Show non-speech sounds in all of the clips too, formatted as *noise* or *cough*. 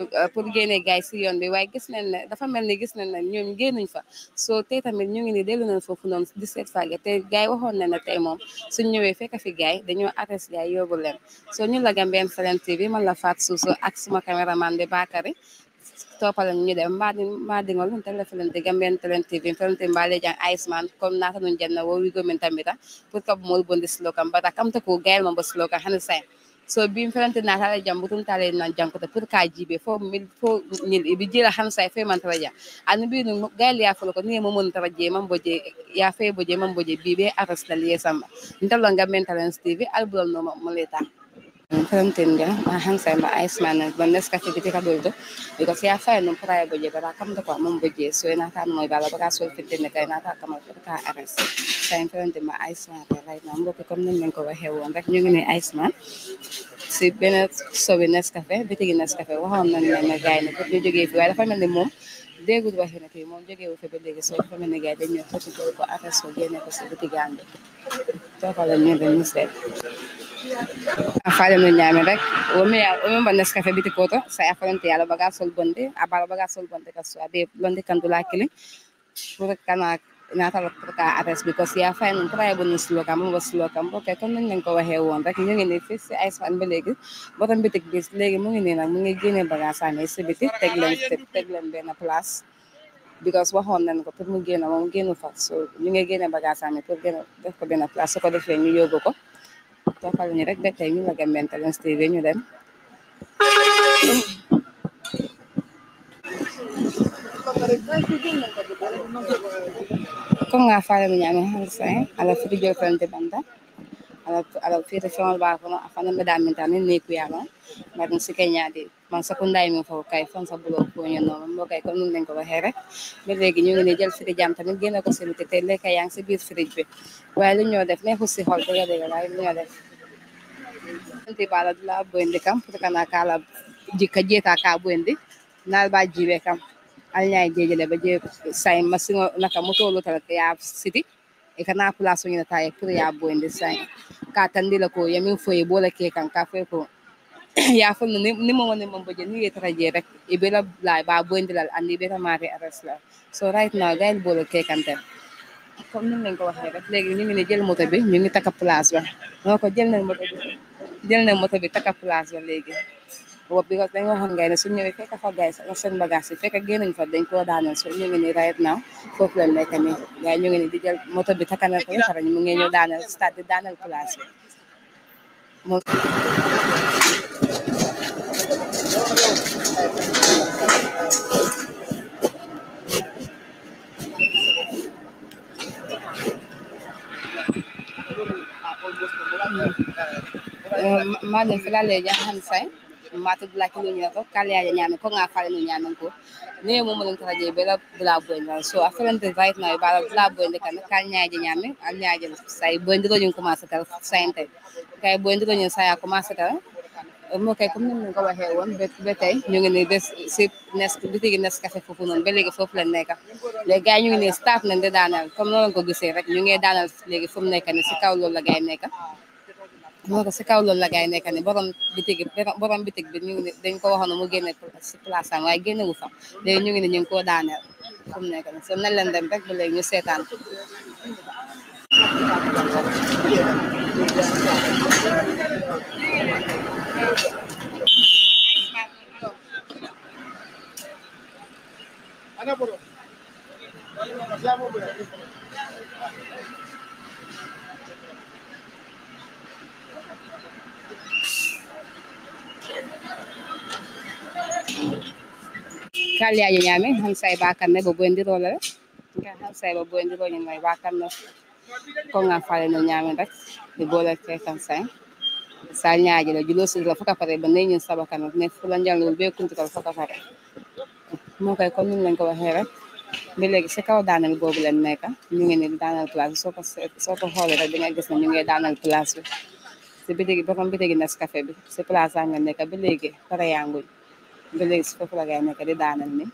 Euh, pour génnee gaay si yoon bi waaye gis nañ ne dafa mel ni gis nañ ne ñoom génnuñ fa soo tey tamit ñu ngi ni dellu nañ foofu noon di seet fàgge te gaay waxoon na ne tey moom suñ ñëwee fekk fi gaay dañoo arrêté gaay yóbbu leen soo ñu la Gambian Talents TV man la faat Suso ak suma caméraman bi Bakary toppale ñu dem mbaadi mbaadi ngol nun tele felente Gambian Talents TV felente mbaale jang Iceman comme naata nun janna wo wigo min tamita ah, pour kab mool bondi slogan bata kam ta ko gael mambo slogan hani sain so bin felante natale jam butum tale nan jankoto pour ka jibe fo mil fo nil ibi jira hansa fe man taraja an bi no gal ya folo ko ni mo mon taraje man boje ya fe boje man boje nga mentalence tv albul no mo 사람들이랑 항상 막 아이스만은 번데스 같은 게 제가 돌도 이거 제 아파요 놈 프라이 보지 바라 감도 a 아무 보지 소에나 타는 뭐 바라 바라 소일 때 내가 나 타까 뭐 그렇다 알았어 사인 프렌드 막 아이스만 라이 나 먹고 겁는 거 해요 막 녀는 아이스만 si benn sobi Nescafé bitigi ne ne gaay ne ñu jógee fi waaye dafa mel ni moom déggul waxi na fii moom jógeewu fi ba léegi soo dafa mel ni gaay dañ ñëw xëcc ko affaire soo génne ko si a faalen no o rek o omin ya, ba nescafe biti koto sa a ya falonte alo baga sol bonde a bala baga sol bonde ka so abe londe kan dula kili pour kana ta pour ya ka adresse bi parce que ya fay non travail bon lo kam bo lo kam bo kay kon nañ ko waxe won rek ñu ngi ne fi ci ay fan ba legi borom bitik bis legi mu ngi ne nak mu ngi gene sa ne ci biti tek len tek len ben place because waxon nañ ko pour mu gene mom gene fa so ñu ngi gene sa ne pour gene def ko ben place ko defé ñu yogo ko tokal ni rek ba tay ñu Lagan stay TV ñu dem ko nga fale mi ñame hansa ala fi jël fiti jolfante banda ala ala fi fiti fewal ba ko afana mi damin ni ne ku ma dum sikenya de man Sakoundaay mi foofu kay fan sa buloo fooñu noonu moo kay comme nun lañ ko waxee rek ba léegi ñu ngi ne jël fridge am tamit génne ko si biti te lekk yaa ngi si biir fridge bi waaye lu ñoo def neexul si xol bu la dégg waaye lu ñoo def anti bala dula boyndi kam pour kana kala jikka jeeta ka boyndi naal ba jibe kam alñaay jeejele ba jee sayin masino naka moto lu tala ya siti e kana place ñu na taye pour ya boyndi sayin ka tandila ko yamin foye bola ke kan ka fe ko *clears throat* ya no ni ni mo woni mo boje ni yetara traje rek e be la lay ba bondilal andi be tamare ares la so right now gael bolo ke kante comme ni ngi ko waxe rek legi ni ngi ne jël moto bi ñu ngi taka place ba noko jël na moto bi jël na moto bi taka place ba legi wo bi ko dañ waxon ngay ne su ñëwé fekk fa gaay sa seen bagage ci fekk gënañ fa dañ ko daanal so ñu ngi ni right now fofu la nekk ni gaay ya, ñu ngi ni di jël moto bi taka na ko xara ñu ngi ñëw daanal stade daanal place mo le filalejo ya han say mata dulaki no ñato kala ya ñame ko nga fale no nyame ko ne mo mo lentata je bela dula boyna so a felante right now bala dula boyna kan kala ñaja ñame al ñaja say boyndiro ñu commencé kala sayante kay boyndiro ñu saya sai kala moo kay comme ni mu ko waxee woon ba tey ñu ngi nii des si nes bitigi nes café foofu noonu ba léegi foofu la nekk léegi gars yi ñu ngi ne staff nañ di daanal comme noonu ko gisee rek ñu ngi daanal léegi fu mu nekk ni si kaw loolu la gars yi nekk moo ko si kaw loolu la gars yi nekk ni borom bitigi borom bitig bi ñu ngi dañ ko waxoon mu génne si place am waaye génnewu fa léegi ñu ngi ne ñu ngi koo daaneel fu mu nekk ni so nañ leen dem rek ba léegi ñu seetaan Ana por. kali aja nyame hang sai bakan ne bobo ndiro la nga hang sai bobo ndiro nyame bakan no ko nga fale no nyame dak ni bola ke kan sai sa la julo sidila fo ka pare ba ne ñun saba kanam ne fu la njalul be kuntikal fo ka pare moo koy kon ñun lañ ko waxee rek bi léegi si kaw daanal boobu leen nekk ñu ngi ni daanal place bi soo ko soo rek bi nga gis ne ñu ngi daanal place bi si bi borom bitigi Nescafé bi si place a nga nekk ba léegi pare yanguñ ba léegi si foofu la ngay nekk di daanal ni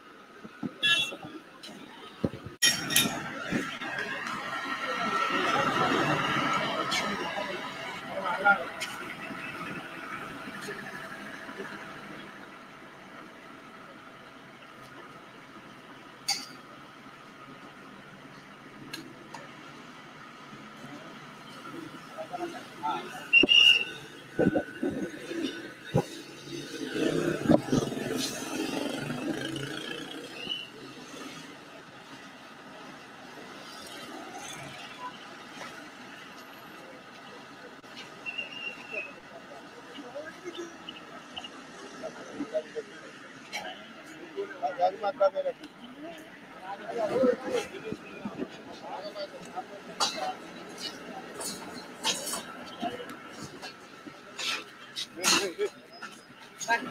Vâng.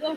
*laughs* Vâng.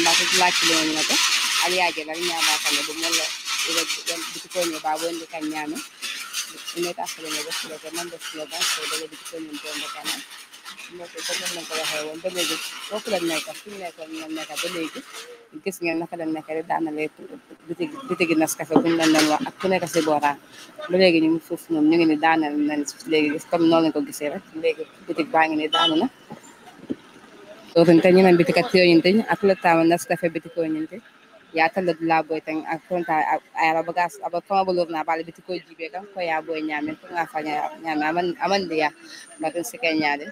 mbako laccilooñi na to aɗa yaaje lara ñama kane ɗum walla bitikoñe baaba wonde kan ñaame ɗumeta affaire me ɗofuloke man ɗofulogan so ɗoɗo bitikoñum bonde kana ɗumɗo comme ɗum ko waxe won beleji wofulan neka finne ko ɗum neka beleji gis ngeen naka la nekk rek daanale bitigi bitigi Nescafé bu ñu leen doon wax ak ku nekk si ba léegi ñu ngi foofu noonu ñu ngi ni daanal nañ léegi comme noonu lañ ko gisee rek léegi bitig baa ngi ne daanu na ɗotin tan ñinan bitika tiyoñin tin akulo tama naskafe bitikoñin tin yatalla dula boy tan akonta ayaba bagas aba fama bolor na bala bitiko jibe kan ko ya boy ñamen ko nga fanya ñame aman aman batin sike ñade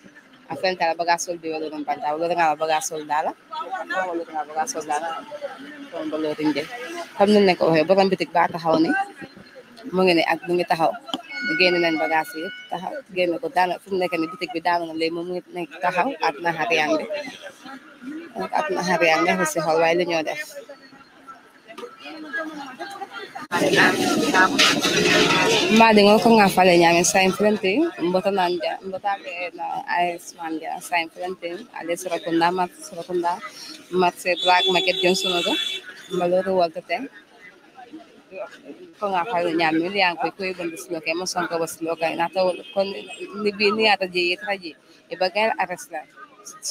afenta la bagas sol biwa don panta bolor nga bagas dala bolor nga bagas sol dala kon bolor ko waxe borom bitik ba taxaw ni mu ngi ak mu ngi taxaw génn nañ bagage yi yëpp taxaw génn ko daana fu mu nekk ni bitig bi daanu na léegi moom ngi nekk taxaw at na xariyaan bi donc at na xariyaan neexu si xol waaye li ñoo def mbaadi ngol ko nga fale ñaami sayin fulantin mbota nanja mbota ke na as manja sayin fulantin ale surakunda mat surakunda mat se drag market johnson odo mbaloro walta ten konga falu nyami li an koy koy bondu sloka mo sonko bo sloka na to kon ni bi ni ata je yitra je e bagal arasla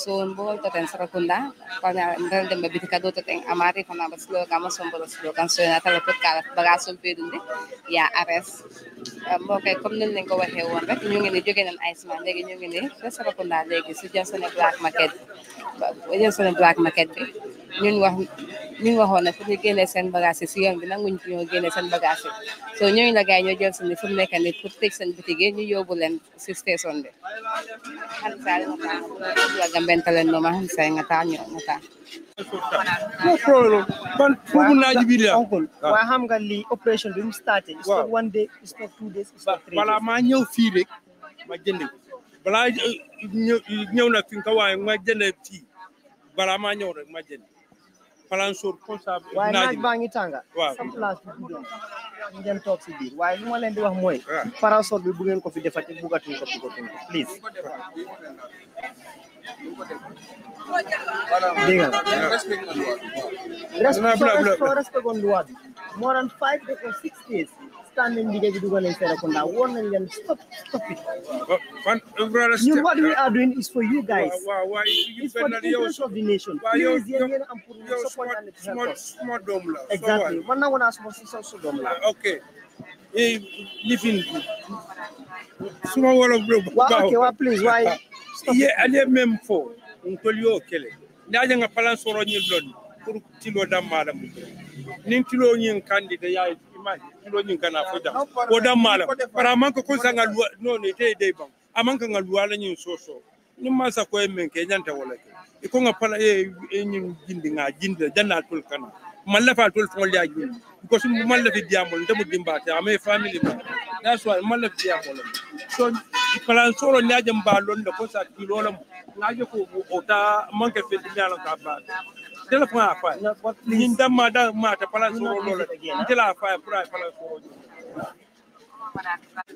son bo to ten sarakunda kana ndal dem bi so na ta lepot kala bagasum ya ares e mo kay comme nan len ko waxe won rek ñu ngi ni joge nan ay sma legi ñu market jassone black market ñun wax ñun waxoon na fu ñu génnee seen bagage si yoon bi nanguñ fi ñoo génnee seen bagage yi soo ñooñu la gaay ñoo jël si ni fu mu nekk nii pour tëj seen bitig yi ñu yóbbu leen si station bi la Gambian Talents nooma xam say nga taa ñoo nga taa no problem xam nga lii bi mu starté it's not maa ñëw fii rek ma jënd balaa eh, ñëw nag fi nga waaye ma jënd fii balaa maa ñëw rek ma palansoor constat bi. waaye naaj baa ngi tànga. waaw sam place bi toog si biir waaye lu ma leen di wax mooy. parasoor bi bu ngeen ko fi defati bugatuñ ko bugatuñ ko please. dégg nga. respect respect on luwa bi. moo than five or six days. standing stop stop it. what we are doing is for you guys. it's for the interest of the nation. please yéen ngeen support and help us. exactly man ah, ok eh, lifin ok please Why? Ah, ye ale même fo ntoli yo kele ndaje nga palan soro ñi lon pour tilo damma dam tilo kilojin kana fo jam ko dan mala bara man ko kun sanga luwa no ne te dai ban aman kan ga luwa lanyin soso ni ma sa ko men ke nyanta wala ke e ko nga pala e, e, e nyin jindi nga jindi janna tul kana malla fa tul fo liya jindi ko sun malla fi diamol ndam dimba ta ame family ma that's why malla fi diamol so kalan soro nyaje mbalon da ko sa kilolam ngaje ko o ta manke fe dimya lan ka ba ntela fo a fa ñin dam ma da ma ta pala so lo pura pala so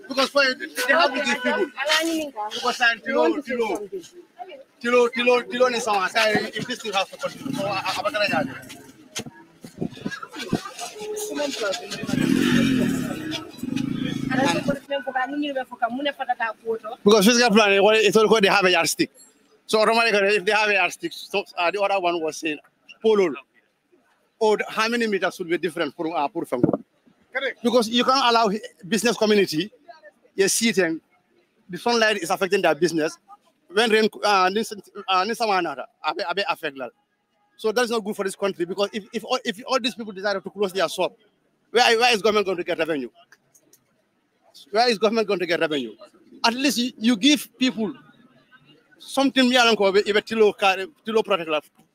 because for you, they have these people. Because Tilo, Tilo, Tilo, Tilo, Tilo, and Sama. If this thing has to continue, so I'm Because physical planning, it's all called the have a yardstick. So if they have a yardstick, so, uh, the other one was saying polo, or how many meters will be different for uh, for Fango? Correct. Because you can't allow business community, you're sitting, the sunlight is affecting their business. When rain, uh, affect that. So that's not good for this country because if, if, all, if all these people decide to close their shop, where, where is government going to get revenue? Where is government going to get revenue? At least you, you give people something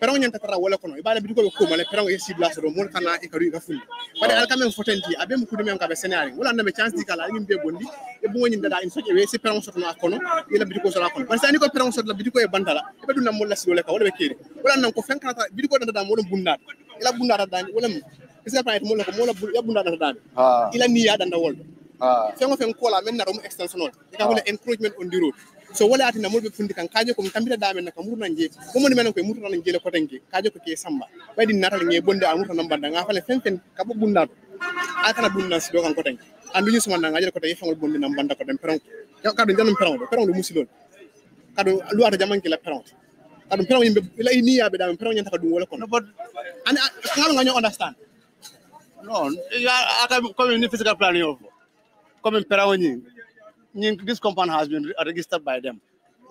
pero nyanta tara wala kono e la bidugo ko male pero yesi e so mon kana e kadu ga fundi bade al fotenti abe mu kudu men ka be senari wala ndame chance di kala ngi be bondi e bu woni ndada en soje we si pero so na kono la bidugo so la kono parce ani ko pero so la bidugo e bandala e be dunam la si wala ka wala be kiri wala nan ko fenkana bidugo da mo bunda la bunda da wala ce isa pa mo la ko molla ya bunda da ila niya da ndawol fengo fengo kola men na rom extension on e ka wala encouragement on the road so wala atina mulɓe fundi kan kaje ko tampita damen na ka murnan je momoni menen koye murtana jeele koten ge kaje ko ke samba ɓayɗi natal nge bonde a namba badda ga fale fen fen ka bo bunda a kana si do kan koten anduñi sumanna gaje koten yefangol bonde nan ko dem peron kaɗo janon peron ɗo peron ɗo lu kaɗo jamanki la peron kaɗum peron yimɓe ila ni yaɓe ɗamen peron nyanta ka ɗum wala kono an nga gaño understand non ya, aka comme ni physical plan yo comme peron ñi this compound has been uh, registered by them.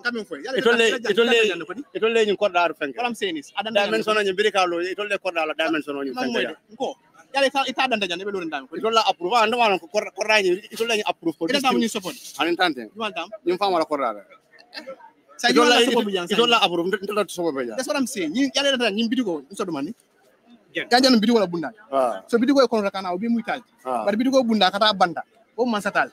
it only it only it only you quarter What I'm saying is dimension on you it only quarter out dimension on you fenk. Ah, ko yale ita ita danda jande be lorin dam ko itola approve anda wana ko korra ni itola ni approve ko itola ni support anen tante you want am ni fama la korra la itola itola approve itola support be ja ya. that's what i'm saying ni yale danda ni bidigo so do mani kanjan bidigo la bunda ah. so bidigo ko kono kana obi muitaji ah. bar bidigo bunda kata banda o man satal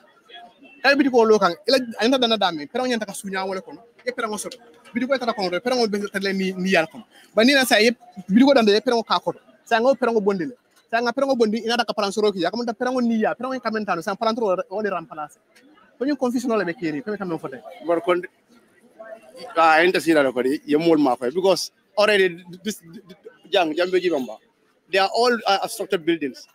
kay bidi ko lo kan ila anta dana dame pero nyanta ka sunya wala kono e pero ngosor bidi ko tata kono pero ngol bezata le ni ni yal kono bani na say bidi ko dande pero ka ko sa ngo pero ngo bondile sa nga um, pero ngo um bondi ina e daka paran soro ki ya kamanta um pero ngo ni ya pero ngo kamentano sa paran tro o le remplacer ko ñu confusion la be kiri ko tam no fote bor kon ah enta sira ko di yemul ma fay because already this jang jambe jibamba they are all uh, structured buildings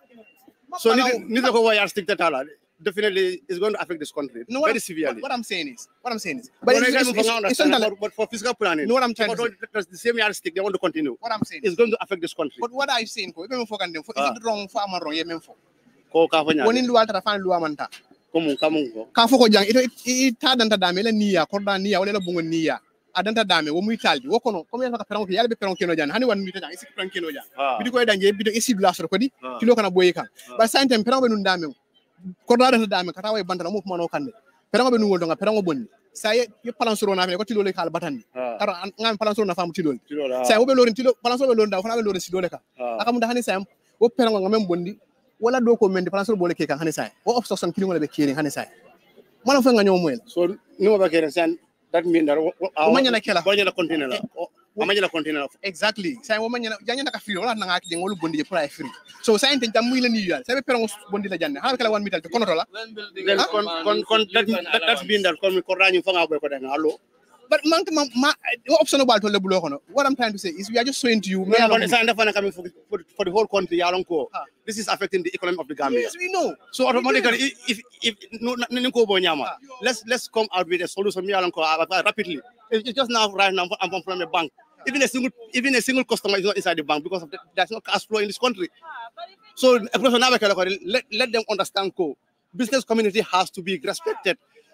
so ni ni ko wayar stick tata la definitely is going to affect this country no, what, very severely. What, what, I'm saying is, what I'm saying is, but, but it's, it's, it's, it's something but for physical planning, you know what I'm trying but to say? the same yardstick they want to continue. What I'm saying is going to affect this country. But what I'm saying, ko, even for kan dem, for even ah. wrong for am wrong, even for. Ko ka fanya. Woni Luamanta. Come on, come on. Come for ko. It fo ko jang ito ita danta dame la niya, korda niya, wala bungo niya. adanta dame wo muy taldi wo kono comme yalla ka peron yalla be peron keno jan hani wan mi tan isi peron keno jan ah. bidi ko danje bidi isi blasor ko di ah. kilo kana boye kan ba santem peron be nun dame ko da da kata way bandana mo no kande perango be nungol donga perango bonni say yo palansoro na fe ko tilole kala batande ara ngam palansoro na famu tilole say wo be lorin tilo palansoro be londa fana be lorin silole ka aka da hani say wo perango ngam bonni wala do ko mende palansoro bole ke kan hani say wo obstruction kilingole be kiri hani say mala fa nga so nimo ba kere san dat mean that o manya na kela banya na kontinela eh, amanyela container of exactly sai wo manyela janya naka free wala nanga ki ngolu so sai ente jam muy la ni yal sai be pero bondi la mital to konoto kon kon kon that that been that kon ko rañu fanga boy But man, man, man option What I'm trying to say is we are just showing to you. No, but it's for, for, for the whole country, Huh. Ah. This is affecting the economy of the Gambia. Yes, we know. So automatically, if if, if no, ah. let's let's come out with a solution, rapidly. It's just now, right now, I'm from a bank. Ah. Even a single even a single customer is not inside the bank because of the, there's no cash flow in this country. So let, let them understand. Co business community has to be respected.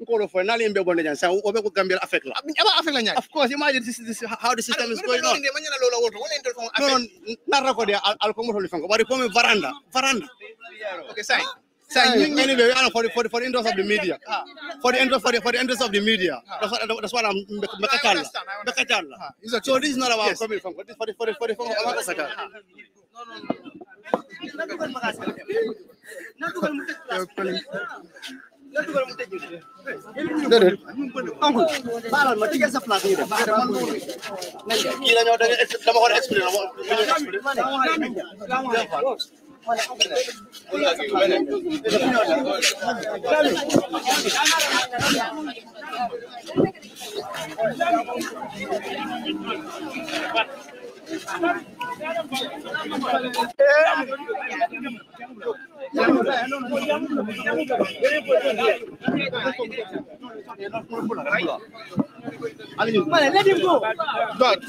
nkolo for nali mbe gonde jan sa obe ko gambia affect la aba affect la nyaay of course imagine this, this how the system is going on manyana lola woto wala intel fon affect non narra ko de al ko motoli fon ko bari ko mi varanda varanda okay sai ah, sai you anyway ana for for for interest of the media ah, for the interest for the, for the interest of the media ah. that's what that's what I'm mekatala mekatala so this is not about yes. coming from this for the for the for the for the saka no no no na dugal magas na dugal mu tek place déedéet amul baalal ma tëjal sa place ñu def kii la ñoo da nga dama war a expliquer dama war a expliquer Thank you. Man, let him go. God,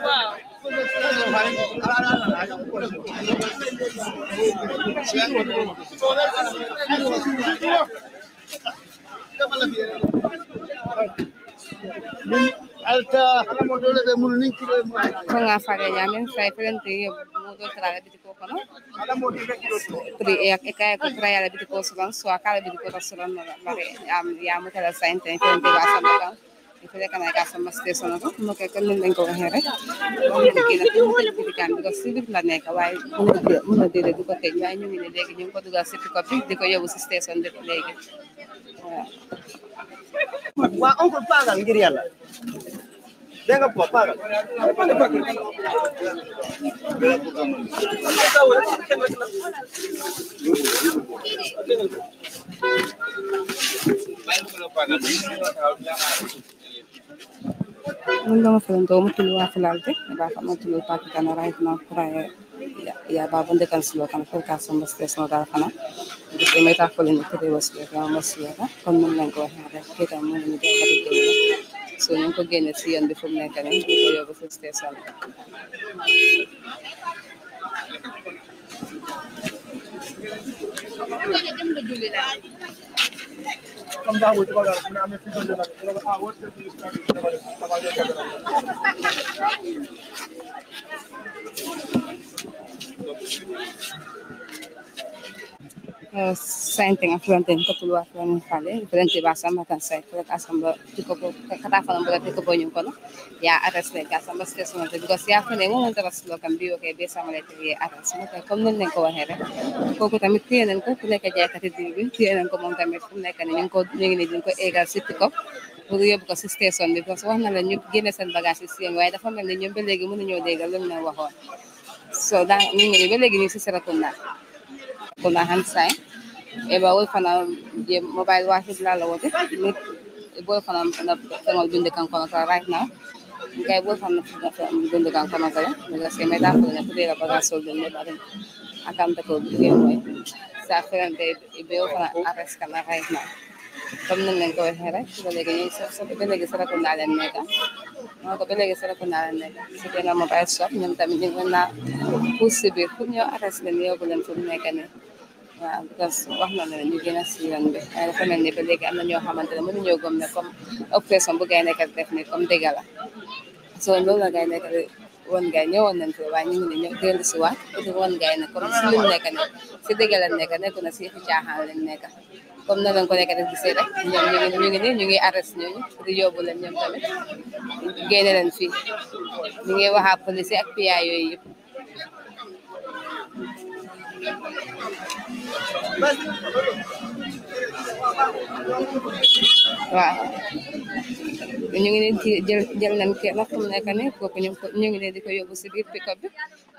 Wow. Kanga faga jamin fry filen tri mudo traga biti ko kono. Tri ek suaka la biti ko rasulan mare am yamu tela sain ten filen fekkanaa gaa sama station ako mu nekk comme ni lañ ko waxee rek mu génn ci bikaan bi ko si biir la nekk waaye mu ne déedéet du ko waaye ñu ngi ne léegi ñu ngi ko dugal si pick-up bi si station bi léegi waaw yàlla 운동을 그런데 오므틀로와 플랄데 바파 마틀로 파키타나 라이트나 프라야 야 바본데 간슬로 간 폴카스 머스레스 노다 파나 이게 메타 폴린 그데 워스게 가 머스야가 건문 랭고 하다 케다 문이 데 카데 so ñu ko génne si yoon bi fu mu nekk nii ñu ko yóbbu si station bi Thank you. समजा होते बघा म्हणजे आम्ही फिरून देणार आवडते समाजाच्या saintenga fulanteni kotuluwa fulani fale fulante basamba tan sai son kasamba tiko que cada fala mbula tiko bo nyun kono ya casa, más que son los te because ya en un momento baslo kan biwo que be a le te aras mo ka kom nen ko wahere ko poco también tienen ko kule ka jaya kati dibi tienen ko mon tamit fu nekka ni ko ni ni ko egal sitiko pour yóbbu ko si station bi parce que wax na la ñu génne seen bagage si yéen dafa mel ni ñoom ba léegi mënuñoo déggal lu mu so dah ñu beli ba léegi ñu si on a hand Eba wol fana je mobile wahid la la wote. Wol fana na fengol binde kan kono sa right now. Ngay wol fana na fengol binde kan kono sa la. Nga se meda ko na pudera baga sol de ne bare. Akam ta ko bige moy. Sa fengol de ibe wol fana arrest kan la right now. Comme nan len ko waxe rek ba legi ñi sa sa ba legi sa ko na len neka. Mo ko ba legi sa ko na len neka. Ci dina mobile shop ñom tamit ñu na pousse bi fu ñoo arrest len yobu len fu waaw because wax na ne ñu gën a si yoon bi waaye dafa mel ni ba léegi am na ñoo xamante ne mënuñoo gëm ne comme oppression bu gay nekkat def ni comme dëgg la so loolu la gay nekk woon gay ñëwoon nañ ko waaye ñu ngi ne ñëw dellu si waat uti woon gay ne comme si luñ nekk ne si dëgg la nekk nekku na si fi caaxaan lañ nekk comme na lañ ko nekk def gisee rek ñoom ñu ngi ñu ngi ni ñu ngi arrest ñooñu di yóbbu leen ñoom tamit génne leen fii ñu ngi waxaa police ak PIA yooyu yëpp waaw ñu ngi leen di jël jël nañ kenn fu mu nekk nii kooku ñu ñu ngi leen di ko yóbbu si biir pick-up bi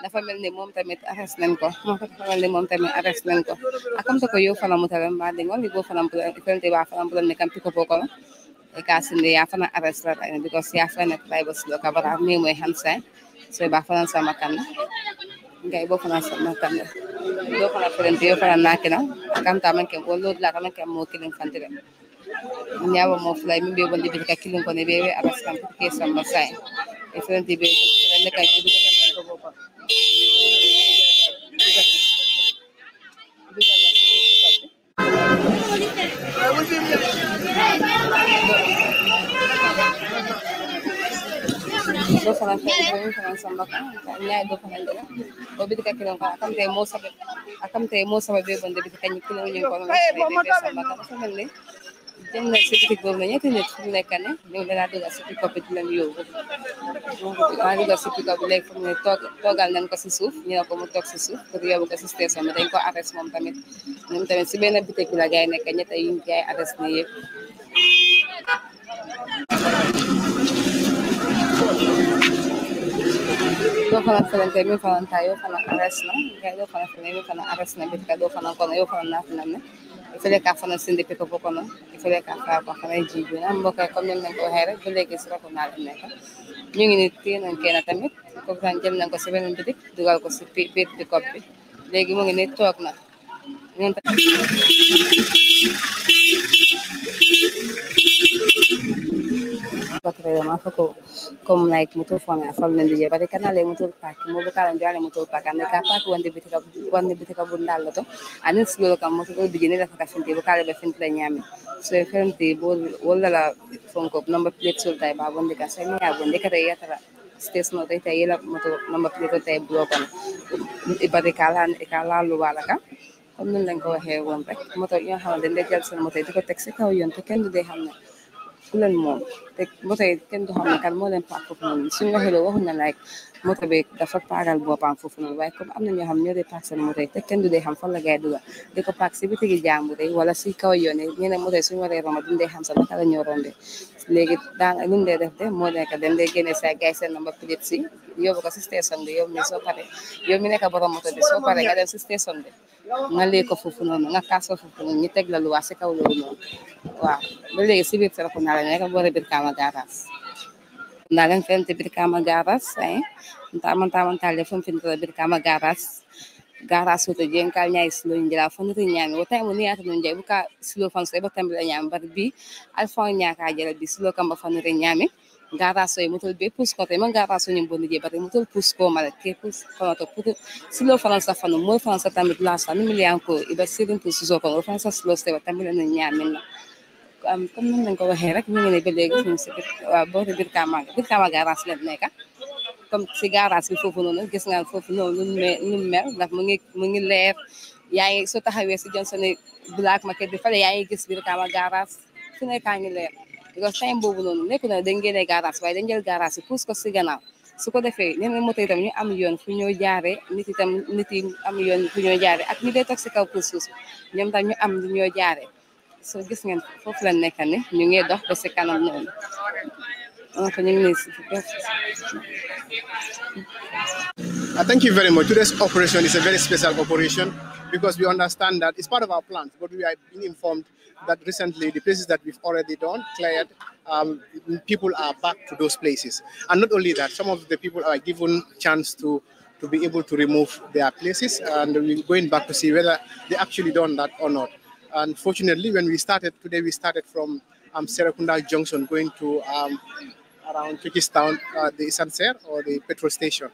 dafa mel ni moom tamit arrest nañ ko dafa mel ni moom tamit arrest nañ ko akamta ah, ko yo fana a ma dingol go fana felti ba fana bulan ne kam pick-up ko e ka sinde ya fana arrest la because ya fana tribal lo kabara ni moy hansa so ba fana sama kan ngay bo fana sama kambe do fana ferenti yo fana nakina kam tamen ke gollo la tamen ke mo kilin fantire nyaba mo fulay mi be bonde be ka kilin ko ne be be aras kam ke sama sai e ferenti be ferenti ka jibu ko bo ko Thank do fana fe do fana samba ka nyaa do fana de o bi ka kilo ka kam te mo sabe akam te mo sabe be bande bi ka ni kilo ni ko dem na ci ci gol na ñetti nit ci nekk ne ñu la dugg ci ci copé di lañ yow ñu ba dugg ci ci gol lay togal nañ ko ci suuf ñu ko mu tok ci suuf pour yow ko ci station dañ ko arrest mom tamit ñum tamit ci benn bité ci la gay nekk ñetta yu gay arrest yoo fana felen kay min fana ta yoo fana arrest na kay yoo fana felen min fana arrest na bit kay yoo fana kono yoo fana naati na ne ifele ka fana sindi piko bo kono ifele ka fa fana jibi na mboka comme ñoom nañ ko waxee rek ba léegi si rako naa leen nekk ñu ngi ni téye nañ kenn tamit kooku tam jëm nañ ko si beneen bitik dugal ko si biir pick-up bi léegi mu ngi ni toog na ñun battery ma foko kom like mutu fo me fal men dije bare kana le motor pak mo be kala jale motor pak ande ka pak wonde bitika wonde bitika bu ndal to anin sulo kam mo ko dije ne la faka finti be kala be finti la nyami so finti bo wala la fonko number plate sul tay ba bonde ka sai me ya bonde ka ya tara stes no tay tay la motor number plate tay blokon ibare kala kala lu wala ka comme nan lañ ko waxee woon rek moto yi nga xamante ne day jël seen ko ku leen moom te ba tey kenn du xam ne kan moo leen paak foofu noonu suñu waxee loolu waxuñ na like moto bi dafa paaral boppam foofu noonu waaye comme am na ñoo xam ñoo dee paak seen moto yi te kenn du dee xam fan gaay dugal di ko paak si bitigi jàmbur wala si kaw yoon yi ñeneen moto yi suñu waree romb duñ dee xam sax naka la dee def de moo nekk dañ dee génne sa gaay seen number plate si yóbbu ko si station yow mi soo pare yow mi nekk borom moto bi soo pare nga dem si station bi nga lee ko foofu noonu nga kaas ko foofu noonu ñu teg la lu waa si kaw loolu noonu waaw ba léegi si biir Serekunda la nekk boori biir Kama garage Undangan film berkama garas, eh. Taman-taman mentah film film berkama garas. gara soto jen kal nyaay sulo njila fon ri nyaami wo tay mo ni ata buka sulo fon so ba tambila nyaam bar bi al fon nyaaka jala bi sulo kamba fon ri nyaami gara so mutol be pus ko te man gara so nyimbo je bar mutol pus ko mala ke pus ko to put silo fon sa mo sa tamit la mi ko iba sirin pus so ko fon sa sulo se ba comme noonu lañ ko waxee rek ñu ngi ne ba léegi suñu si biir waaw boori biir Kamaga biir Kamaga garage lañ nekk comme si garage bi foofu noonu gis nga foofu noonu nu mu mel ndax mu ngi mu ngi leer yaa ngi soo taxawee si Johnson Black Market bi fële yaa ngi gis biir Kamaga garage fu nekk a ngi leer because time boobu noonu nekku na dañ waaye dañ jël garage yi si gannaaw su ko defee ñeneen moto itam ñu am yoon fu ñoo jaaree nit itam nit yi am yoon si kaw puus puus ñoom tam ñu so gis ngeen foofu la nekk ni ñu ngi dox ba si kanam noonu uh, Thank you very much. Today's operation is a very special operation because we understand that it's part of our plans, but we have been informed that recently the places that we've already done, cleared, um, people are back to those places. And not only that, some of the people are given chance to to be able to remove their places, and we're going back to see whether they actually done that or not. Unfortunately, when we started today, we started from um, Serakunda Junction going to um, around Kikistown, uh, the Sanser or the petrol station,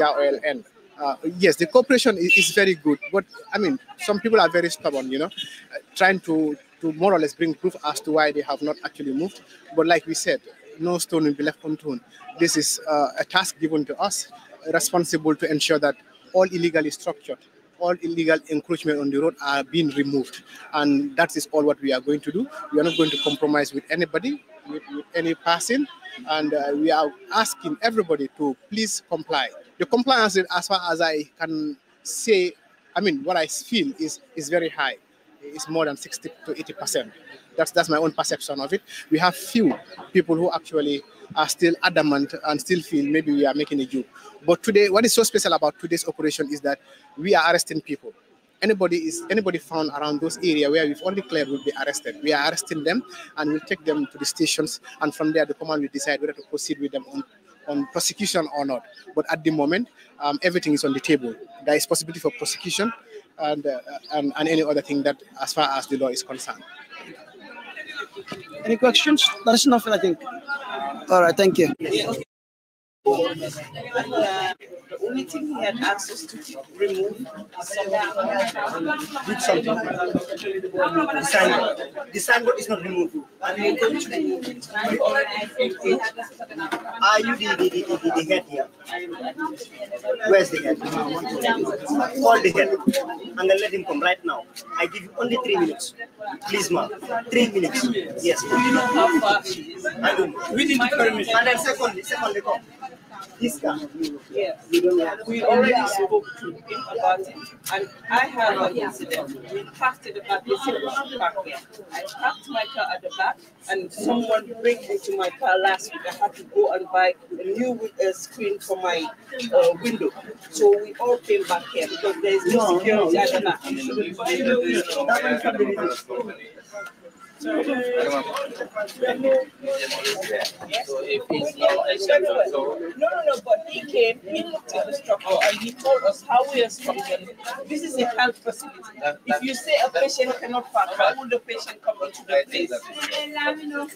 oil End. Uh, yes, the cooperation is, is, very good, but I mean, some people are very stubborn, you know, uh, trying to, to more or less bring proof as to why they have not actually moved. But like we said, no stone will be left unturned. This is uh, a task given to us, responsible to ensure that all illegally structured all illegal encroachment on the road are being removed. And that is all what we are going to do. We are not going to compromise with anybody, with, with any person. And uh, we are asking everybody to please comply. The compliance as far as I can say, I mean, what I feel is, is very high. It's more than 60 to 80 percent. That's that's my own perception of it. We have few people who actually are still adamant and still feel maybe we are making a joke. But today, what is so special about today's operation is that we are arresting people. Anybody is anybody found around those area where we've already declared will be arrested. We are arresting them and we'll take them to the stations, and from there the command will decide whether to proceed with them on on prosecution or not. But at the moment, um, everything is on the table. There is possibility for prosecution and, uh, and, and any other thing that, as far as the law is concerned. Any questions? There is nothing, I think. All right, thank you the, only thing he had access to remove is something. The signboard. The signboard is not removed. And we to Are you the, the, the, the, the head here? Where's the head? Call the head. And then let him come right now. I give you only three minutes. Please, ma'am. Three minutes. Yes. We do know how far she is. I don't know. We need to And then secondly, secondly, come discount. Yes. We already spoke to him about it, and I had an incident. We parked at the back, the back here. I parked my car at the back, and someone broke into my car last week. I had to go and buy a new uh, screen for my uh, window. So we all came back here because there is no, no security no, at the back no, no, no. But he came, he looked at the structure, and he told us how we are structured. This is a health facility. if you say a patient cannot park, how would the patient come into the place?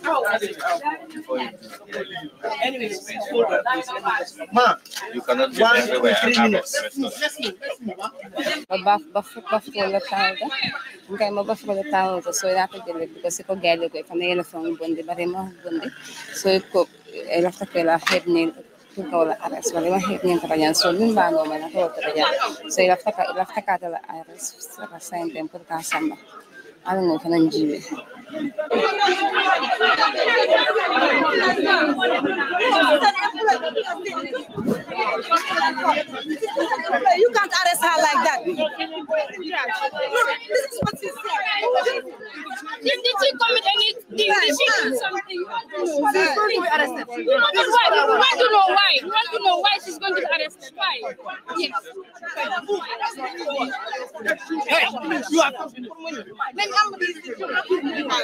How it? Anyways, Ma, you cannot be everywhere. siko galle koy kana yelefon bonde barema bonde so ko lafta kela hebnil kawla ares wala ma heɓ nin kata so min mbanoma na kawla kata ñan so lafta katala ares saka sain ɗen pour ka samma alano fana jiwe You can't arrest her like that. this is what she said. Did, did she commit anything? Did she do something? You want to know why? You want to know why? You want to know why she's going to be arrested? Why? Yes. Hey, you are. Then I'm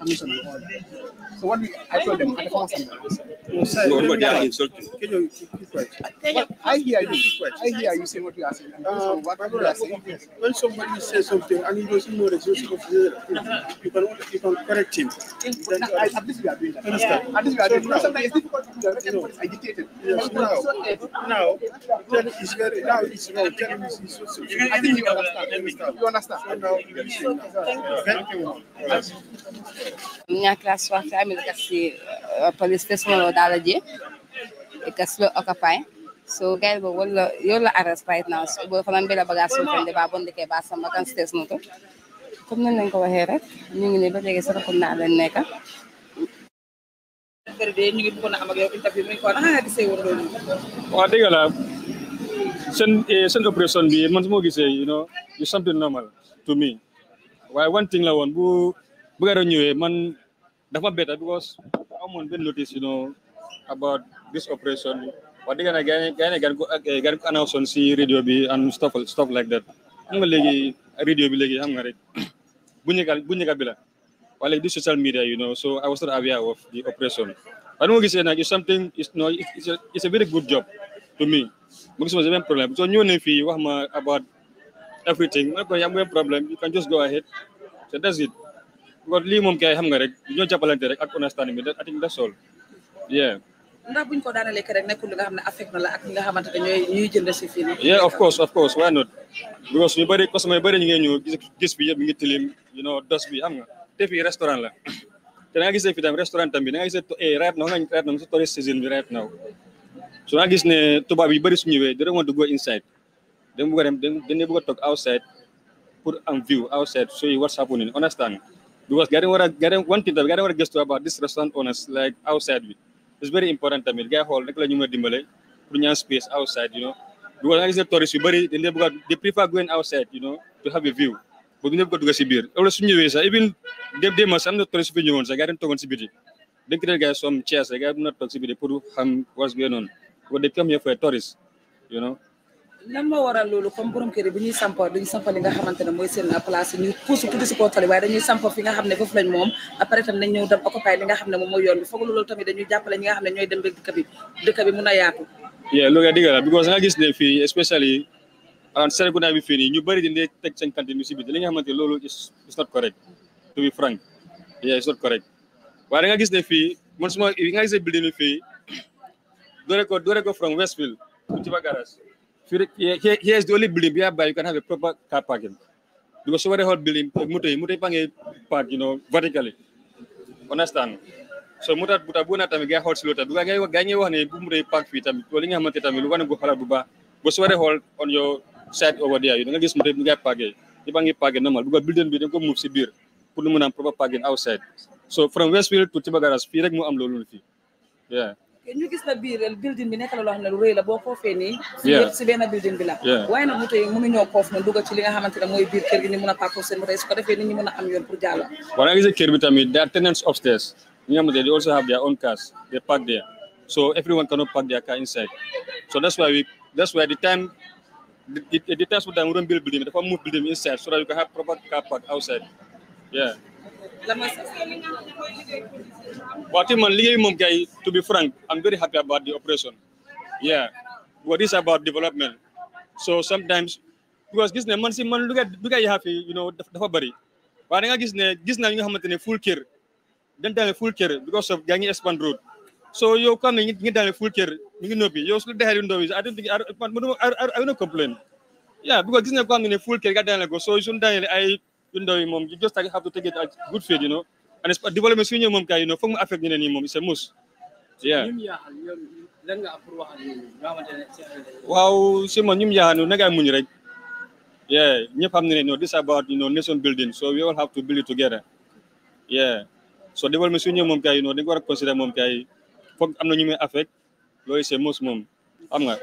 commission and all that. So what we, I told them, I found something. No, sir, no, they are insulting. Can you I hear you. I hear you saying what you are saying. Uh, what you are saying. When somebody says something and he doesn't know the resolution of the you can you can correct him. Then, uh, at least we are doing that. Understand? Yeah. At least we are doing that. Sometimes it's difficult to do that. Everybody is agitated. Yes. Now, now, then it's very now it's wrong. Tell him it's so. I think you understand. You understand. So thank you. Thank you. Minakila suwata amil kasi police station lo dalaje because lo occupy. So guy bo wala yola arrest right now. So bo fanan bela bagas so fende ba bonde ke ba sama kan station to. Comme nan lañ ko waxee rek ñu ngi ne ba léegi sa rakum naa leen nekka. waaw dëgg la seen eh, seen opération bi man su ma gisee you know it's something normal to me waaye one thing la woon bu bu nga ñëwee man dafa beta because amoon ben notice you know about this operation wax dëgg na gaay gaay gan ko ak gan ko announce si radio bi and stuff stuff like that xam nga léegi radio bi léegi xam nga rek *clears throat* bu ñëkal bu ñëkal bi la wala di social media you know so i was not aware of the operation but mo gisee nak it's something it's no it's a, it's a very good job to me mo gisuma si benn problème so ñëw nañ fii wax ma about everything ma ko yaa problem, you can just go ahead so that's it kon li mom kay xam nga rek ñoo jappalante rek ak understanding bi I think that's all yeah ndax buñ ko daanalee rek nekkul li nga xam affect na la ak nga xamante ñoy ñuy jënd ci fii yeah of course of course why not because ñu bari customer bari ñu ngi ñu gis gis bi yeb ngi tilim you know dos bi xam nga té fi restaurant la té nga gisee fi tam restaurant tam bi nga gisee eh right now nga right now si tourist season bi right now so nga gis né tuba bi bari su ñëwé dara want to inside dem bu ko dem dañ bu ko tok outside pour am view outside so what's happening understand because getting what I, getting one thing that getting what I gëstu about this restaurant owners like outside we it's very important tamit gars get hold like ñu mën a dimbale space outside you know because like gis ne tourist yu bëri they leen they prefer going outside you know to have a view But du ñu bëgg a dugg si biir wala su even they they must am not tourist fi ñëwoon sax gars dañ toogoon si biti dañ créé gars some chairs gars get not to si biti pour xam what's going on But they come here for a tourist you know lan moo waral lolu comme borom kër yi ñuy sampo dañuy sampo li nga xamantene moy seen place ñu pousse tudd ci ko tali way dañuy sampo fi nga xamne fofu lañ mom après tam nañ ñew dem occupy li nga xamne mom moy yoon bi foog lolu tamit dañuy jappalé nga xamne ñoy dem dëkk bi dëkk bi mun a yaatu yeah lu nga digal because nga gis ne fi especially around Serekunda bi fini. nii ñu bëri dindee teg seen kantin bi ci bi li nga xamante lolu is not correct to be frank yeah is not correct way nga gis ne fi mon suma nga gis building bi fii doore ko doore from Westfield ci ba garage here, is the only building blimp but you can have a proper car parking. Because over the whole building, mutai, mutai pang park, you know, vertically. Understand? So mutat buta buna tam hold hot Dua ga gaya ni wah bu mutai park fit linga mate tam lu Luka go halal buba. go over the on your set over there, you know, this mutai mutai parking. Dia pange parking normal. Duga building building ko move sibir. Punu munam proper parking outside. So from Westfield to Tibagaras, pirek mu am lolou Yeah ñu gis na biir building bi nekk na loo xam ne lu rëy la boo foofee nii yëpp si benn building bi la waaye nag moto yi mënuñoo koof noonu dugg ci li nga xamante ne mooy biir kër gi ni mun a parcours seen moto yi su ko defee nit ñi mën a am yoon pour jàll waaye nga gisee kër bi tamit there are tenants upstairs ñi nga xamante they also have their own cars they park there so everyone cannot park their car inside so that's why we that's why the time the, the, the transport that we don't build building, the move building inside so that you can have proper car park outside yeah la mooy sax. man liggéey moom kay to be frank I'm very happy about the operation. yeah what is about development so sometimes because gis ne man si man lu nga lu nga yaxafi you know dafa bëri waaye da nga gis ne gis naa ñu nga xamante ne full kër dañ daanee full kër because of gaa ngi expand road so yow comme ne ngi daanee full kër ñu ngi noppi yow su lu dexee di ndowi I complain yeah because gis ne ko xam ne full kër nga ko so suñu daanee ay yu ndaw yi moom you just have to take it at good faith you know and it's development su ñëw moom kay you know foog mu affect ñeneen ñi moom c'est mus yeah waaw si man ñum yaaxanu na ngay muñ rek yeah ñëpp xam ne no this about you know nation building so we all have to build it together yeah so development su ñëw moom kay you know dañ ko war a consider moom kay foog am na ñu muy affect loolu c'est mus moom xam nga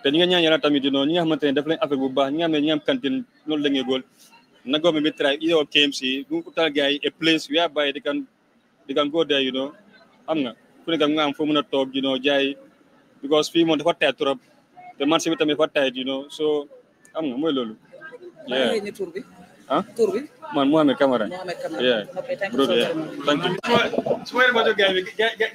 te ñi nga ñaan yàlla tamit you know ñi nga xamante ne daf affect bu baax ñi nga xam ne ñi nga kantin loolu la ngay the government tried, either of KMC, tell guy a place whereby they can they can go there, you know. I'm not. Couldn't come and form talk, you a Jai, because we want hot tight up. The man said me hot Man, Mohamed Kamara. Yeah. Brother, yeah. Thank you. Swear about your guy. Get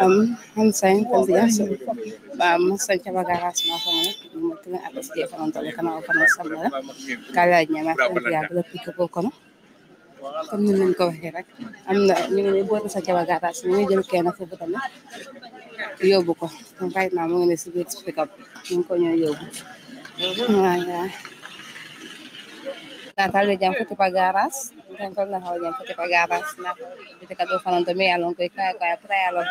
um, hand sign kan siya. So, um, saan siya mag-aras na ako na alas di ako ng tali na ako ng samara. Kala niya, mapagyago na pick up ko na. Kami Am na, yung nibot sa siya mag-aras. Yung jil kaya na sabot na. Iyobo ko. Yung kahit na mga nisibit pick up. Yung ko niya iyobo. Mga, yeah. nataalde jam foti pagaras jon na nataw jam pagaras na bite kado ɗo fananto me alon koye kaya koye après alon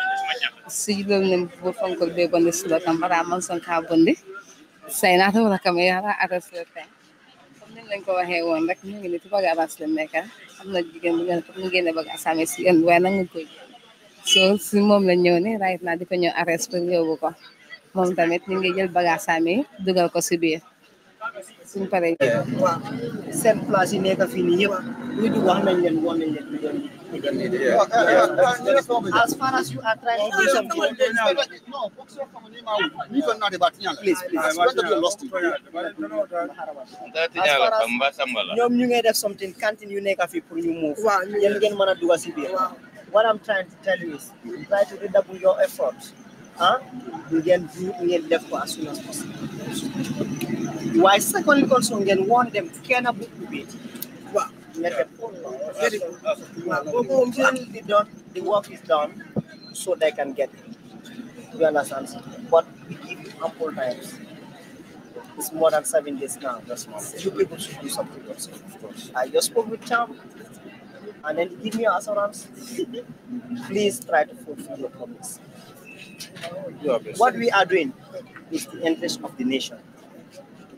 sijilol nem bo fonkol be bonde sulo kam bara man son ka bonde say nata wala kam yara ata sulo tan comme nin len ko waxe won rek ñu ni le meka am na jigéen si en way ngi so si mom la ñew ni right na di ko ñew arrest pour yobbu ko mom tamit ñu ngi jël baga dugal ko ci biir suñ paree waaw seen place yi nekk fii nii yëpp ñu dugg wax nañ leen woon As far as you are trying to do something, kan please, please. As far as ñoom ñu ngay def something kantin yu nekk fii pour ñu move. waaw yéen ngeen mën a dugg si biir. What I'm trying to tell you is, try to redouble your efforts. ah ngeen ngeen def ko as soon as possible. Why second consortium want them can book with let them pull well, they done, the work is done, so they can get it. You understand? But we give ample times. It's more than seven days now. That's one. You people should do something else, of course. I just spoke with Cham and then give me your assurance. *laughs* Please try to fulfill your promise. What we are doing is the interest of the nation.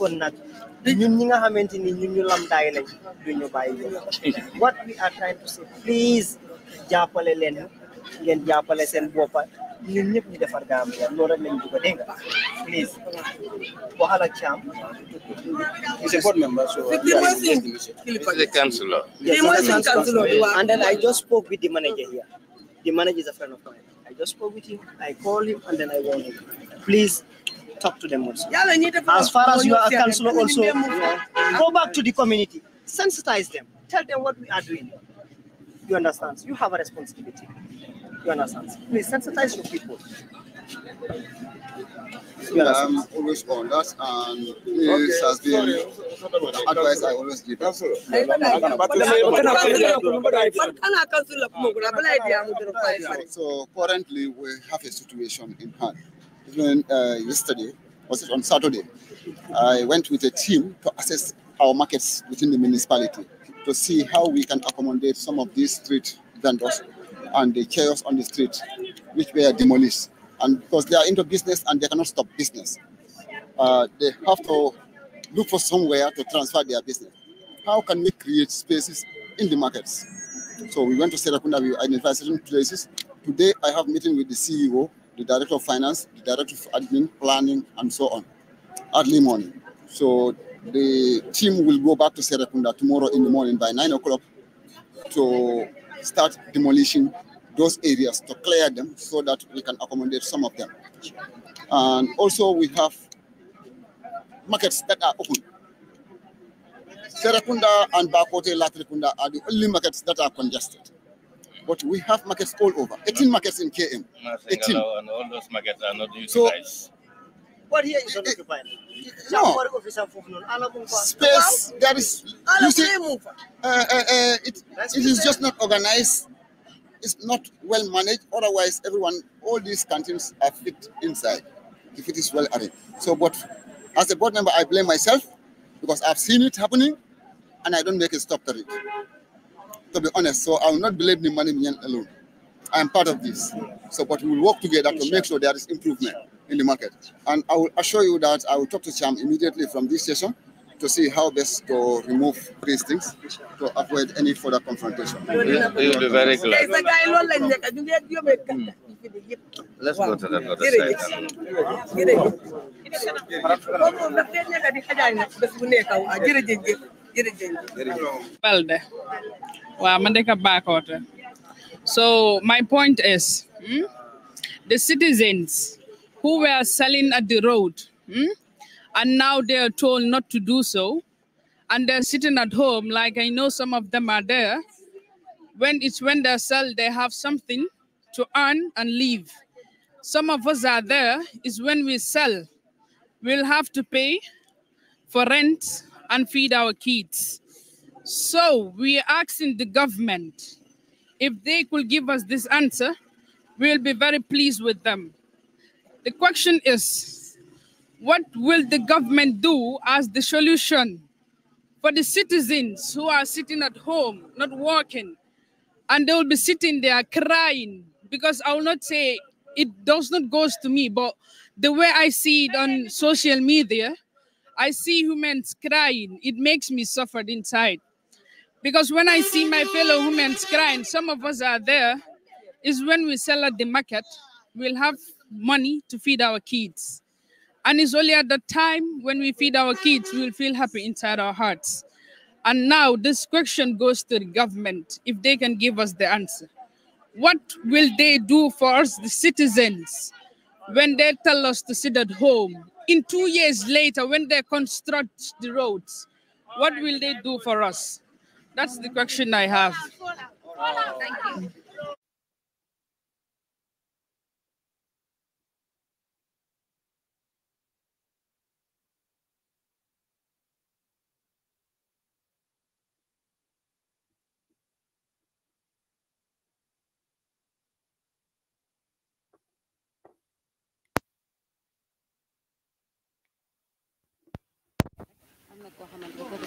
kon nag ñun ñi nga xamante ni ñun ñu lamdaay lañ duñu bàyyi what we are trying to say please jàppale leen ngeen jàppale seen boppa ñun ñëpp ñu defar Gambia loolu rek lañ bëgg a dégg nga please waxal ak Cham he's board member so he's a councillor yes, he's a and then I just spoke with the manager here the manager is a friend of mine I just spoke with him I called him and then I warned him please talk to them also. As far as you are a counselor also, go back to the community, sensitize them, tell them what we are doing. You understand? You have a responsibility. You understand? Please sensitize your people. Yeah, I'm always on that, and this okay. has been advice I always give. So currently, we have a situation in hand even uh, yesterday, was it on Saturday, I went with a team to assess our markets within the municipality to see how we can accommodate some of these street vendors and the chaos on the street, which were demolished. And because they are into business and they cannot stop business, uh, they have to look for somewhere to transfer their business. How can we create spaces in the markets? So we went to Serakunda, we identified certain places. Today I have meeting with the CEO the director of finance, the director of admin, planning, and so on, early morning. So the team will go back to Serekunda tomorrow in the morning by 9 o'clock to start demolishing those areas to clear them so that we can accommodate some of them. And also we have markets that are open. Serekunda and Bakote Latrikunda are the only markets that are congested. But we have markets all over. 18 markets in KM. 18. And all those markets are not utilized. So, here is unoccupied. Eh, eh, no. Space that is. You see, uh, uh, uh, it, it is just not organized. It's not well managed. Otherwise, everyone, all these canteens are fit inside if it is well arranged. So, but as a board member, I blame myself because I've seen it happening and I don't make a stop to it to be honest. So I will not believe the money alone. I am part of this. So, but we will work together to make sure there is improvement in the market. And I will assure you that I will talk to Cham immediately from this session to see how best to remove these things to avoid any further confrontation. You'll be very glad. Hmm. Let's go to the other side. Well, well, I'm So my point is, hmm, the citizens who were selling at the road, hmm, and now they are told not to do so, and they're sitting at home. Like I know some of them are there. When it's when they sell, they have something to earn and leave. Some of us are there. Is when we sell, we'll have to pay for rent and feed our kids. So we are asking the government if they could give us this answer, we'll be very pleased with them. The question is, what will the government do as the solution for the citizens who are sitting at home, not working, and they will be sitting there crying because I will not say it does not goes to me, but the way I see it on social media, I see humans crying. It makes me suffer inside. Because when I see my fellow women crying, some of us are there, is when we sell at the market, we'll have money to feed our kids. And it's only at that time when we feed our kids, we'll feel happy inside our hearts. And now this question goes to the government if they can give us the answer. What will they do for us, the citizens, when they tell us to sit at home? In two years later, when they construct the roads, what will they do for us? That's the question I have. Thank you.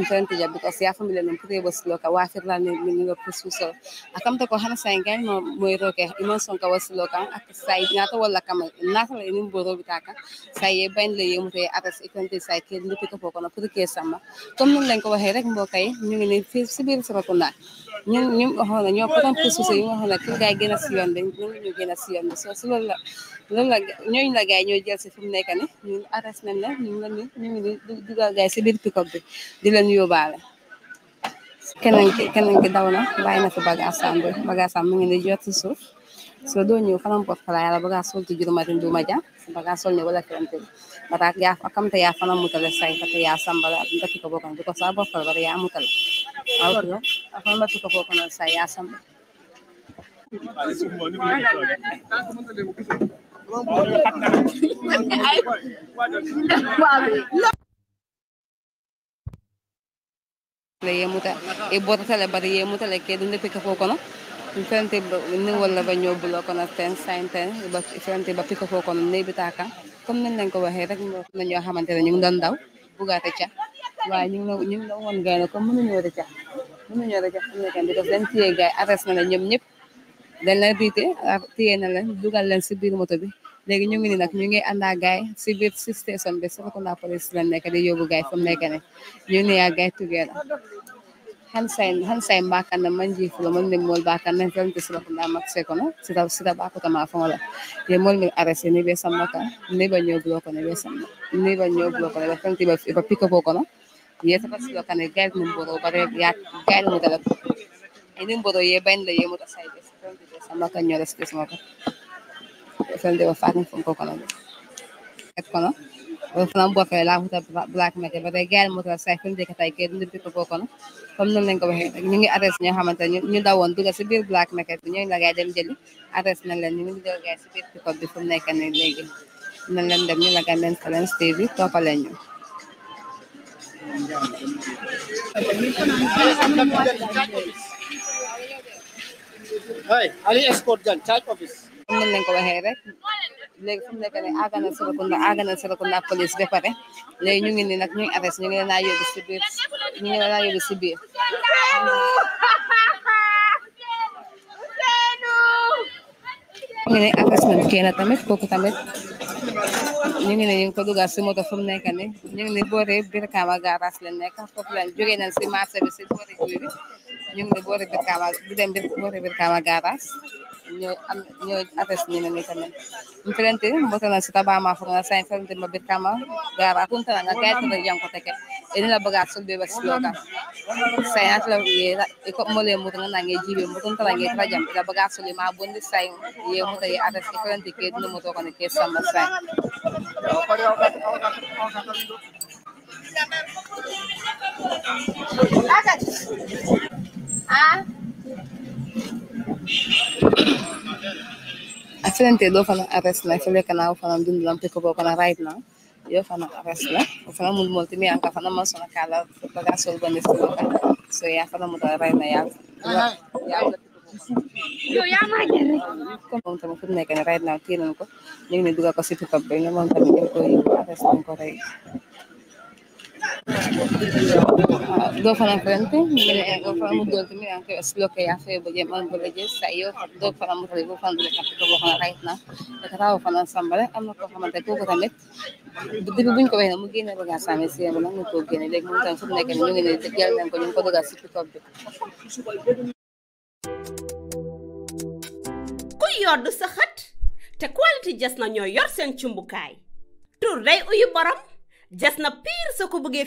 mfentuja because yafa mile no mpuke bo siloka wafirla ni mingo pususo akamta ko hana sainga mo moiroke imon sonka wa siloka sai ngata wala kama nata la ni mboro bitaka sai ye bain le yemu te atas ikante sai ke lupi ko ko na puke sama comme nun len ko waxe rek mbokay ñu ngi ni ci biir sura ko na ñu ñu nga xam ne ñoo patante suuf yi nga xam si yoon bi ñun ñu gën a bi soo si loolu la loolu la ñooñu la gars yi ñoo jël si mu nekk ni ñun arrest nañ la ñu la ñu ngi dugal gars yi si biir pick-up bi di leen yóbbaale keneen ki keneen ki daw na bàyyi na fi bagaasam bi bagaasam mu ngi ni jot si suuf doo ñëw fanam pot fala yàlla bagaas sol ci juróomatin duuma ja bagaas sol wala kirantel baraak ya a kamta ya fana mutale saykata ya sambala aɗum gati ko bokono biko sa bokkol bara ya mutale awtuɗo afan batti bokono sa ya samba ye muta e botatale bara ye mutale ke ɗum detti ka fo ifente ni walla ba ñoo bulo kono ten sainten ba ifente ba piko foo kono nebi taaka comme nañ lañ ko waxee rek na ñoo xamante ne ñu ngi doon daw bugaate ca waaye ñu ngi ñu ngi la woon gaay ne comme mënuñoo rëcca mënuñoo rëcca xam nekan bi daf dañ téye gaay arrêté na la ñoom ñëpp dañ la biite téye na leen dugal leen si biir moto bi léegi ñu ngi ni nag ñu ngi àndaa gaay si biir si station bi Serekunda police la nekk di yóbbu gaay fa mu nekk ne ñu ngi ne yaa gaay tugee la hansain hansain bakanda manji fulo mon min mol bakanda fen to sura kunda mak se kono sita sita ba ko tama fola ye mol min arase ni be samaka ne ba nyo blo kono be samma ne ba nyo blo kono fen ti ba ba piko ko kono ye sa pas lo kana gaid min boro bare ya gaid mo dala ini boro ye ben le ye mo ta sai be samaka nyo res ke samaka fen de ba fakin fon ko kono et kono Wala fana mbo fe la huta black mate ba de gaid mo ta sai fen de ka tai gaid ndi piko ko kono comme non lañ ko waxé rek ñu ngi arrest ñi xamantani ñu dawon duga ci bir black market ñoy la gay dem jël arrest nañ leen ñu ngi jël gaay si biir pick up bi fu nekk ne légui nañ leen dem ñu la gaay leen faleen tv bi ñu Hey, Ali Escort Jan, charge office. Noonu lañ ko waxee rek léegi fu nekk ne àgg na Serekunda àgg na Serekunda police ba pare léegi ñu ngi ni nag ñu ngi ñu ngi leen a yóbbu ñu ngi leen a yóbbu si biir ñu ngi ne arrêté nañ kenn tamit kooku tamit ñu ngi ne ñu ngi ko dugal si moto fu mu nekk ñu ngi ne boore Brikama garage leen nekk foofu lañ jógee si marché bi si boore bi ñu ngi ne boore Brikama di ñooy am ñooy adres ñene ni tamit mi frente mbota na sita bama fo na sain frente ma bir kama gara kunta na kay to yang ko teke ene la baga sol be bas loka sain atla ye iya e ko mole mo tan na nge jibe mo tan la nge tra jam la baga sol ma bondi sain ye mo tay adres e frente ke no mo to ko ne ke sama sain Ah, I feel like they're arrest now. I feel like now I'm doing the pick up right now. You're gonna arrest now. If I'm going to multi I'm going to muscle a color, but that's all going to be so. Yeah, I'm going to right now. Yeah, yeah. yow yaa maa jël rek comme moom tamit fu mu nekk nii right now téye nañ ko ñu ne dugal ko si pick up bi ne moom tamit dañ koy arrest nañ ko rey Gofana frente, gofana mudolti mi anche sloke ya fe boje man boje sayo do fana mudolti gofana do kapito gofana right now. Kata gofana sambale amna ko xamante ko ko tamit buddi buñ ko wéna mu génne baga samé ci yam nak ko génné légui mu tan fu nekk ñu ngi né ko ñu ko doga ci top bi. Ku yoddu sa xat te quality jess na ñoo yor seen cumbukaay. Tur day uyu borom jas na piir soo ko bëggee